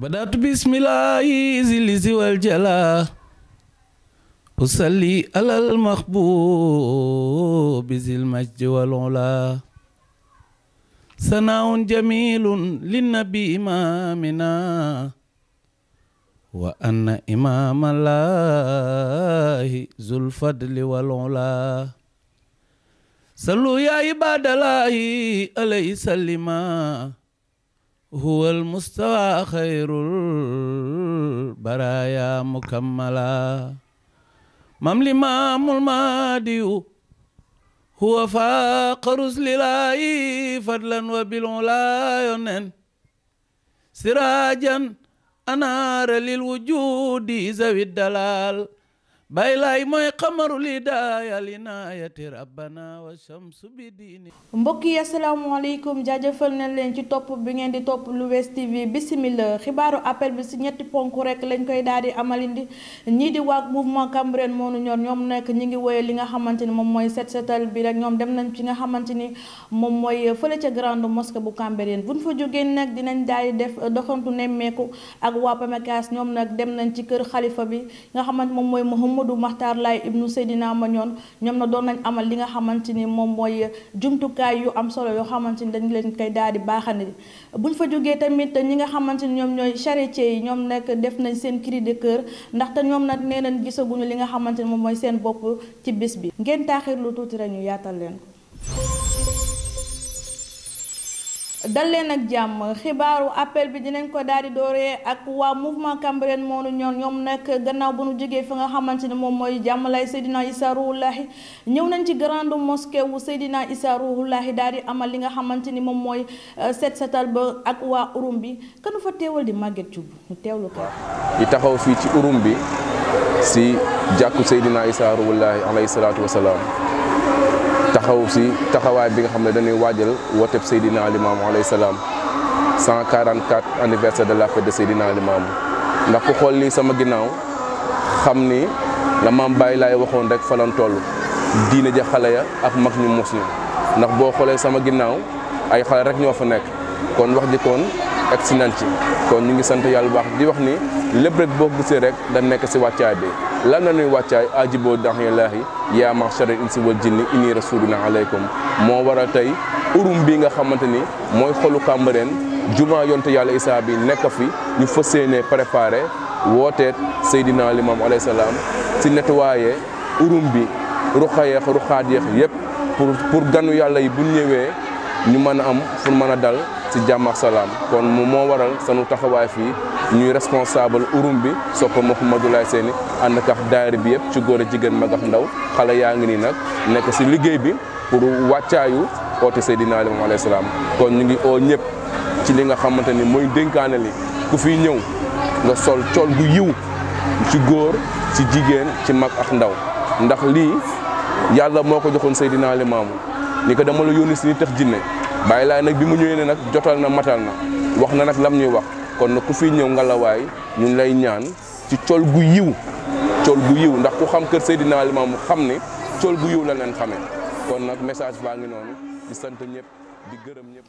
بدأت بسم الله ذي والجلا أصلي على المحبوب ذي المجد والعلا ثناء جميل للنبي إمامنا وأن إمام الله ذو الفضل والعلا صلوا يا عباد الله عليه سلما huwa almustawa xayrul baraya mukammala mam limaamul maadiyu huwa faaqa rusulillahi fadlan wa bilula yonen sirajan anaara lil wujudi zawi dalal baylaay mooy xamarul hidaaya li naayati rabbana wa shamsu bi diini mbokk yi asalaamaaleykum jaajëfal na leen ci topp bi ngeen di topp lu Lou'Bess TV bisimila xibaaru appel bi si ñetti ponk rek lañ koy daal di amalindi ñii di waag mouvement Cambérène moo nu ñor ñoom nekk ñi ngi woye li nga xamante ni moom mooy set setal bi rek ñoom dem nañ ci nga xamante ni moom mooy fële ca grande mosquée bu Cambérène buñ fa jógee nag dinañ daal di def doxantu nemmeeku ak waa PAMECAS ñoom nag dem nañ ci kër xalifa bi nga Amadou Mahtar Lay ibnu Seydina Mandione ñoom na doon nañ amal li nga xamante ni moom mooy jumtukaay yu am solo yoo xamante ni dañ leen koy daal di bu ñu fa jógee tamit ñi nga xamante ni ñoom ñooy charretier yi ñoom nag def nañ seen cri de cœur ndaxte ñoom nag nee nañ gisaguñu li nga xamante ni moom mooy seen bopp ci bis bi ngeen taaxir lu tuuti rek ñu yaatal leen dal leen ak jàmm xibaaru appel bi dinañ ko daal di dooree ak waa mouvement Cambérène moo nu ñoom nag gannaaw bu nu jógee fi nga xamante ne moom mooy jàmm lay Seydina Issa Rouhoullahi ñëw nañ ci grande mosquée wu Seydina Issa Rouhoullahi daal di amal li nga xamante ni moom mooy euh, set setal ba ak waa urum bi kanu fa teewal di màgget cub ñu teewlu ko di taxaw fii ci urum bi si jàkku Seydina Issa Rouhoullahi alayhi salaatu wasalaam taxaw si taxawaay bi nga xam ne dañuy waajal wooteb Seydina Limaamu alayhi salaam 144 anniversaire de la fête de Seydina ndax ku xool lii sama ginnaaw xam ni la maam bàyyi laay waxoon rek fa lañ diine ja xale ya ak mag ñu mos ñu ndax boo xoolee sama ginnaaw ay xale rek ñoo fa nekk kon wax ji kon si nañ ci kon ñu ngi sant yàlla bu baax di wax ni lépp rek boo gisee rek da nekk si wàccaay bi. lan la ñuy wàccaay ajiboo daxyalaahi yaa maxshara insi wal jinni inni rasuluna aleykum moo waral tey urum bi nga xamante ni mooy xolu Cambérène juma yonte yàlla isaa bi nekk fi ñu fas yéene préparé wooteet Seydina Limaamu alayhi salaam si nettoyé urum bi ruqayeex ruqaat yeex yëpp pour ganu yàlla yi bu ñëwee ñu mën a am fu mën a dal ci jàmm ak salaam kon moo waral sanu taxawaay fii ñuy responsable urum bi Sopé Mouhamadou Laye Seyni ànd ak daayira bi yëpp ci góor a jigéen mag ak ndaw xale yaa ngi nii nag nekk si liggéey bi pour wàccaayu oote Seydina Limaamu alayhi salaam kon ñu ngi oo ñëpp ci li nga xamante ni mooy dénkaane li ku fi ñëw nga sol col gu yiw ci góor ci jigéen ci mag ak ndaw ndax lii yàlla moo ko joxoon Seydina Limaamu ni ko dama la yónni si ni tax jinne bàyyi laay nag bi mu ñëwee ne nag jotal na matal na wax na nag lam ñuy wax kon nag ku fi ñëw ngalawaay ñun lay ñaan ci col gu yiw col gu yiw ndax ku xam kër Seydina Limaamu xam ne col gu yiw la leen xamee kon nag message baa ngi noonu di sant ñëpp di gërëm ñëpp.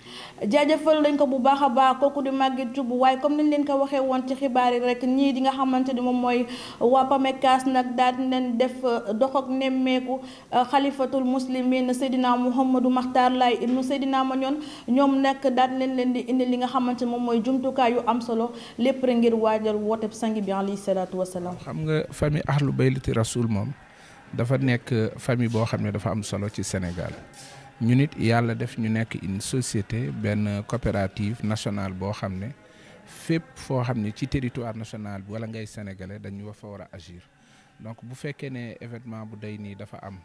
jaajëfal lañ ko bu baax a baax kooku di màgget Thioub waaye comme niñ leen ko waxee woon ci xibaar yi rek ñii di nga xamante ni moom mooy waa PAMECAS nag daal di leen def uh, dox ak nemmeeku uh, xalifatul muslimin Seydina Mouhamadou Makhtar Laye ibnu Seydina Mañoon ñoom nag daal leen leen di indi li nga xamante moom mooy jumtukaay yu am solo lépp rek ngir waajal wooteb sangi bi alayhi salaatu wasalaam. xam nga famille ahlu bayliti rasul moom dafa nekk uh, famille boo xam ne dafa am solo ci Sénégal. ñu nit yàlla def ñu nekk une société benn coopérative nationale boo xam ne fépp foo xam ne ci territoire national bi wala ngay sénégalais dañu wa fa war a agir donc bu fekkee ne événement bu day nii dafa am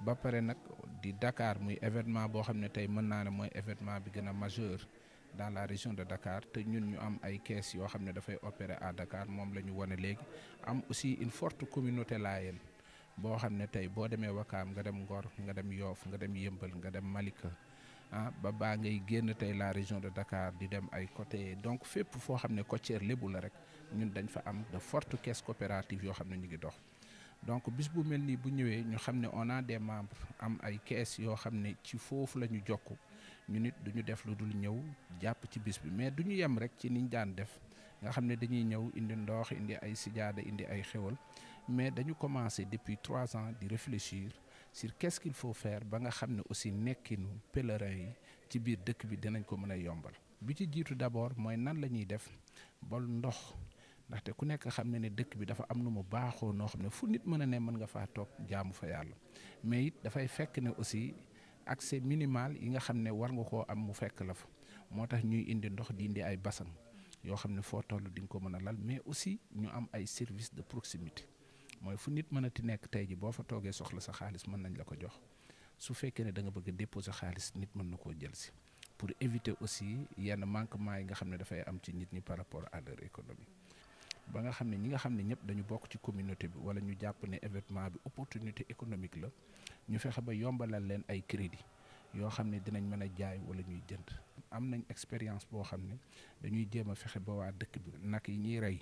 ba pare nag di Dakar muy événement boo xam ne tey mën naa ne mooy événement bi gën a majeur dans la région de Dakar te ñun ñu am ay caisse yoo xam ne dafay opérer à Dakar moom la ñu wane léegi am aussi une forte communauté laayeen boo xam ne tey boo demee Wakaam nga dem Ngor nga dem Yoof nga dem Yëmbal nga dem Malika ah ba baa ngay génn tey la région de Dakar di dem ay côté donc fépp foo xam ne côtière lébu la rek ñun dañ fa am de fortes caisses coopératives yoo xam ne ñu ngi dox donc bis bu mel nii bu ñëwee ñu xam ne on a des membres am ay caisses yoo xam ne ci foofu la ñu jokk ñu nit duñu def lu dul ñëw jàpp ci bis bi mais du ñu yem rek ci niñ daan def nga xam ne dañuy ñëw indi ndox indi ay sijaada indi ay xéwal mais dañu commencé depuis trois ans di réfléchir sur qu'est-ce qu'il faut faire ba nga xam ne aussi nekkinu pèlerin yi ci biir dëkk bi dinañ ko mën a yombal bi ci jiitu d'abord mooy nan la ñuy def bol ndox ndaxte ku nekk xam ne ne dëkk bi dafa am nu mu baaxoo noo xam ne fu nit mën a ne mën nga faa toog jaamu fa yàlla mais it dafay fekk ne aussi accès minimal yi nga xam ne war nga koo am mu fekk la fa moo tax ñuy indi ndox di indi ay basang yoo xam ne foo toll di ko mën a lal mais aussi ñu am ay services de proximité mooy fu nit mën a ti nekk tey ji boo fa toogee soxla sa xaalis mën nañ la ko jox su fekkee ne da bëgg a déposer xaalis nit mën na koo jël si pour éviter aussi yenn manquement yi nga xam ne dafay am ci nit ñi par rapport à leur économie ba nga xam ne ñi nga xam ne ñëpp dañu bokk ci communauté bi wala ñu jàpp ne événement bi opportunité économique la ñu fexe ba yombalal leen ay crédit yoo xam ne dinañ mën a jaay wala ñuy jënd am nañ expérience boo xam ne dañuy jéem a fexe ba waa dëkk bi nag yi ñuy rey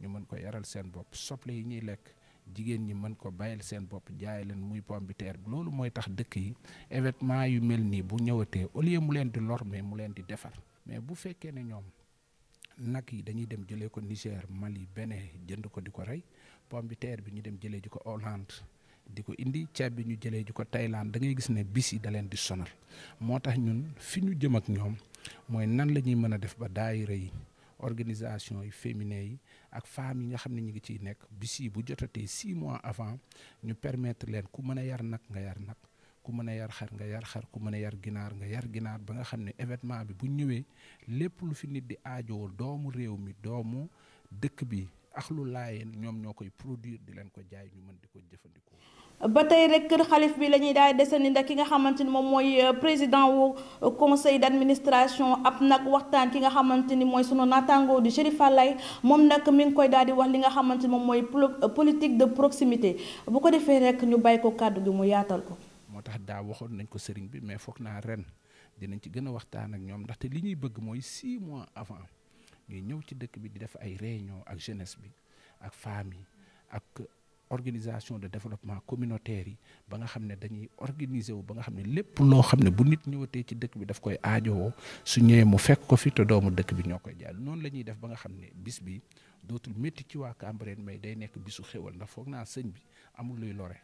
ñu mën ko yaral seen bopp soble yi ñuy lekk jigéen ñi mën ko bayal seen bopp jaay leen muy pompiteer bi loolu mooy tax dëkk yi évétement yu mel nii bu ñëwatee au lieu mu leen di lor mais mu leen di defar mais bu fekkee ne ñoom nag yi dañuy dem jëlee ko Niger Mali Bénin jënd ko di ko rey pompiteer bi ñu dem jëlee ji ko Hollande di ko indi ceeb bi ñu jëlee ji ko Thaïlande dangay gis ne bis yi da leen di sonal moo tax ñun fi ñu jëm ak ñoom mooy nan la ñuy mën a def ba daayira yi organisation yi féminin yi ak femmes yi nga xam ne ñu ngi ciy nekk bis bu jotatee six mois avant ñu permettre leen ku mën a yar nag nga yar nag ku mën a yar xar nga yar xar ku mën a yar ginaar nga yar ginaar ba nga xam ne événement bi bu ñëwee lépp lu fi nit di aajoo doomu réew mi doomu dëkk bi ak lu laayeen ñoom ñoo koy produire di leen ko jaay ñu mën di ko jëfandikoo. ba tey rek kër xalif bi la ñuy daal ni ndax ki nga xamante ni moom mooy euh, président wu euh, conseil d' administration ab nag waxtaan ki nga xamante ni mooy sunu naataango di Chérif Fallaye moom nag mi ngi koy daal di wax li nga xamante ni moom mooy euh, politique de proximité bu ko defee rek ñu bàyyi ko kàddu gi mu yaatal ko. moo tax daa waxoon nañ ko sëriñ bi mais foog naa ren dinañ ci gën a waxtaan ak ñoom ndaxte li ñuy bëgg mooy six mois avant ñuy ñëw ci dëkk bi di def ay réunion ak jeunesse bi ak famille ak. organisation de développement communautaire yi ba nga xam ne dañuy organiser wu ba nga xam ne lépp loo xam ne bu nit ñëwatee ci dëkk bi daf koy aajowoo su ñëwee mu fekk ko fi te doomu dëkk bi ñoo koy jaay noonu lañuy def ba nga xam ne bis bi dootul métti ci waa Cambérène may day nekk bisu xéwal ndax foog naa sëñ bi amul luy lore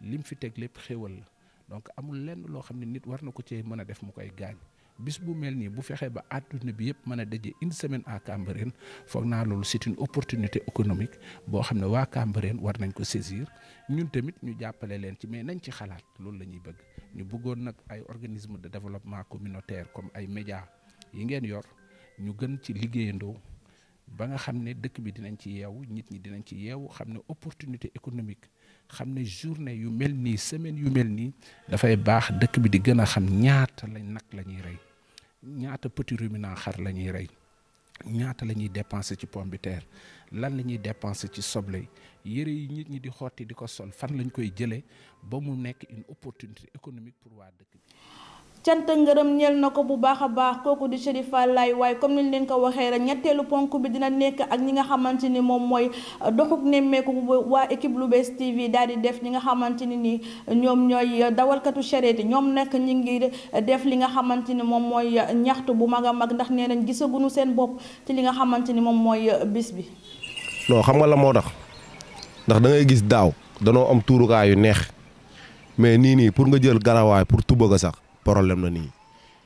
lim fi teg lépp xéwal la donc amul lenn loo xam ne nit war na ko cee mën a def mu koy gaañ bis bu mel nii bu fexe ba àdduna bi yëpp mën a daje une semaine à Cambérène foog naa loolu c'est une opportunité économique boo xam ne waa Cambérène war nañ ko saisir ñun tamit ñu jàppale leen ci mais nañ ci xalaat loolu la ñuy bëgg ñu bëggoon nag ay organisme de développement communautaire comme ay médias yi ngeen yor ñu gën ci liggéeyandoo ba nga xam ne dëkk bi dinañ ci yeewu nit ñi dinañ ci yeewu xam ne opportunité économique xam ne journée yu mel nii semaine yu mel nii dafay baax dëkk bi di gën a xam ñaata lañ nag la ñuy rey ñaata petit ruminant xar la ñuy rey ñaata la ñuy dépenser ci pomme de terre lan la ñuy dépenser ci soble yëre yi nit ñi di xotti di ko sol fan lañ koy jëlee ba mu nekk une opportunité économique pour waa dëkk bi. cant ngërëm ñeel na ko bu baax a baax kooku di Chérif Fall waaye comme niñ leen ko waxee rek ñetteelu ponk bi dina nekk ak ñi nga xamante ni moom mooy doxuk nemmeeku waa équipe Lou'Bess TV daal di def ñi nga xamante ni ni ñoom ñooy dawalkatu charrette ñoom nekk ñi ngi def li nga xamante ni moom mooy ñaxtu bu mag a mag ndax nee nañ gisaguñu seen bopp ci li nga xamante ni moom mooy bis bi. non xam nga la moo tax ndax da gis daaw danoo am tuurukaay yu neex mais nii nii pour nga jël garawaay pour tubaga sax. problème na nii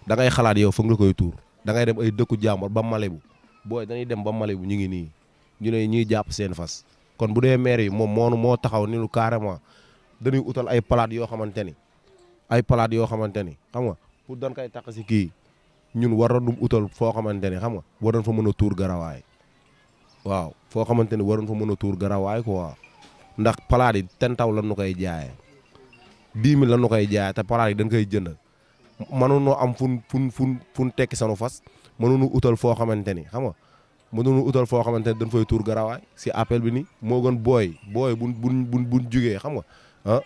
da ngay xalaat yow foog nga koy tuur da ngay dem ay dëkku jàmbur ba bu booy dañuy dem ba Malibu ñu ngi nii ñu ne ñuy jàpp seen fas kon bu dee maire yi moom moonu moo taxaw ni lu carrément dañuy utal ay palaat yoo xamante ni ay palaat yoo xamante ni xam nga pour dañ koy tax si kii ñun waroon dum utal foo xamante ni xam nga waroon fa mën a tuur garawaay waaw foo xamante ni waroon fa mën a tuur garawaay ko quoi ndax palaat yi ten taw lan nu koy jaayee dix mille nu koy jaayee te palaat yi dañ koy jënd mënuñoo am fun fun fun fun tekki sanu fas mënuñu utal foo xamante ni xam nga mënuñu utal foo xamante ni dañ fay tuur garawaay si appel bi ni moo gën booy booy buñ buñ buñ buñ jugee xam nga ah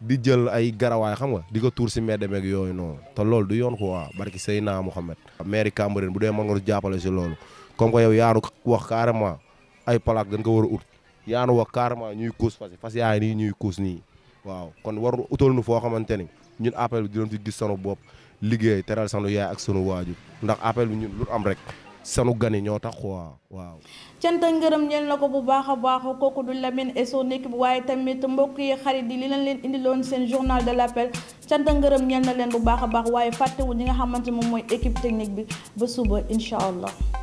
di jël ay garawaay xam nga di ko tuur si mbedd meeg yooyu noonu te loolu du yoon quoi barki Seyna Mouhamed. mairie Cambérène bu dee mën nga ko jàppale si loolu comme que yow yaanu wax carrément ay plaque dañ ko war a ut yaanu wax carrément ñuy kuus fas fas yaay nii ñuy kuus nii waaw foo xamante ni. ñun appel bi dinañ ci gis sanu bopp liggéey teral sanu yaay ak sanu waajur ndax appel bi ñun lu am rek sanu gani ñoo tax quoi waaw. cant ak ngërëm ñeel na ko bu baax a baax kooku du Lamine et son équipe waaye tamit mbokk yi xarit yi li lañ leen indiloon seen journal de l'appel cant ak ngërëm ñeel na leen bu baaxa baax waaye fàttewul ñi nga xamante moom mooy équipe technique bi ba suba incha allah.